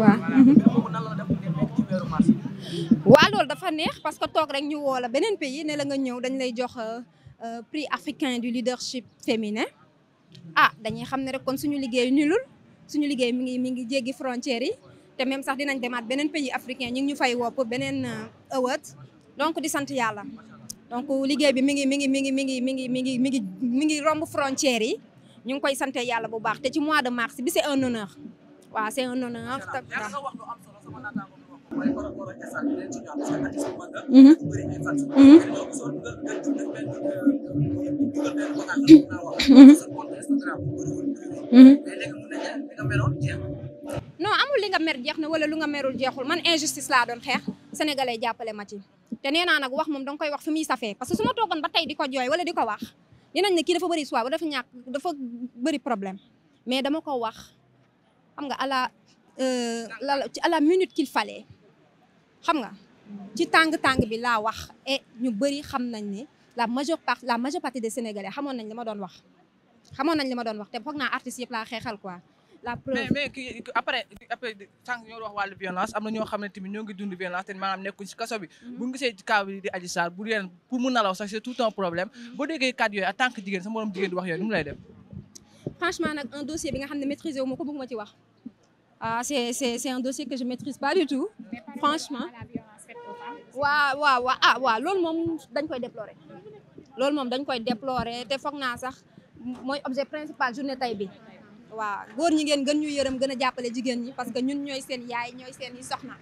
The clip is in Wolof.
waaw. waa loolu dafa neex parce que toog rek ñu woo la beneen pays ne la nga ñëw dañ lay jox euh, euh, prix africain du leadership féminin ah dañuy xam ne rek kon suñu liggéey nulul suñu liggéey mi ngi mi ngi jéggi frontières yi te même sax dinañ demaat beneen pays africain ñu ngi ñu fay woo pour beneen euh, award donc di sant yàlla donc liggéey bi mi ngi mi ngi mi ngi mi ngi mi ngi mi ngi mi ngi mi ngi romb frontières yi ñu ngi koy sante yàlla bu baax te ci mois de mars bi c'est un honneur waaw c'est un honneur takk mhm. mhm. mhm. non amul li nga mer jeex na wala lu nga merul jeexul man injustice laa doon xeex sénégalais jàppale ma ci te nee naa nag wax moom danga koy wax fi muy safee parce que su toog toogoon ba tey di ko jooy wala di ko wax dinañ ne kii dafa bëri soit ba dafa ñàkk dafa bari problème mais dama ko wax xam nga à la euh, la à la minute qu'il fallait xam nga ci tàng-tàng bi laa wax et ñu bëri xam nañ ne la majeure part la majeure xamoon nañ li ma doon wax xamoon nañ li ma doon wax te foog naa artistes yëpp laa xeexal quoi la preuve mais mais kii après après ñoo wax wàllu violence am na ñoo xam ne tamit ñoo ngi dund violence te maanaam nekkuñ si kaso bi. Mm-hmm. bu ñu gisee cas bi di Adji Sarr bu dee pour mu nalaw sax c'est tout un problème mm-hmm. boo déggee kàddu yooyu en tant jigéen sa morom jigéen di wax yooyu franchement nag un dossier bi nga xam ne maîtriser wu ma ko bëgguma ci wax ah c'est c'est c'est un dossier que je maîtrise pas du tout franchement waaw waaw ah, waaw loolu moom dañ koy déplorer loolu moom dañ koy déplorer te foog naa sax mooy objet principal journée tay bi waa góor ñi ngeen gën ñu yërëm gën a jàppale jigéen ñi parce que ñun ñooy seen yaay ñooy seen i soxna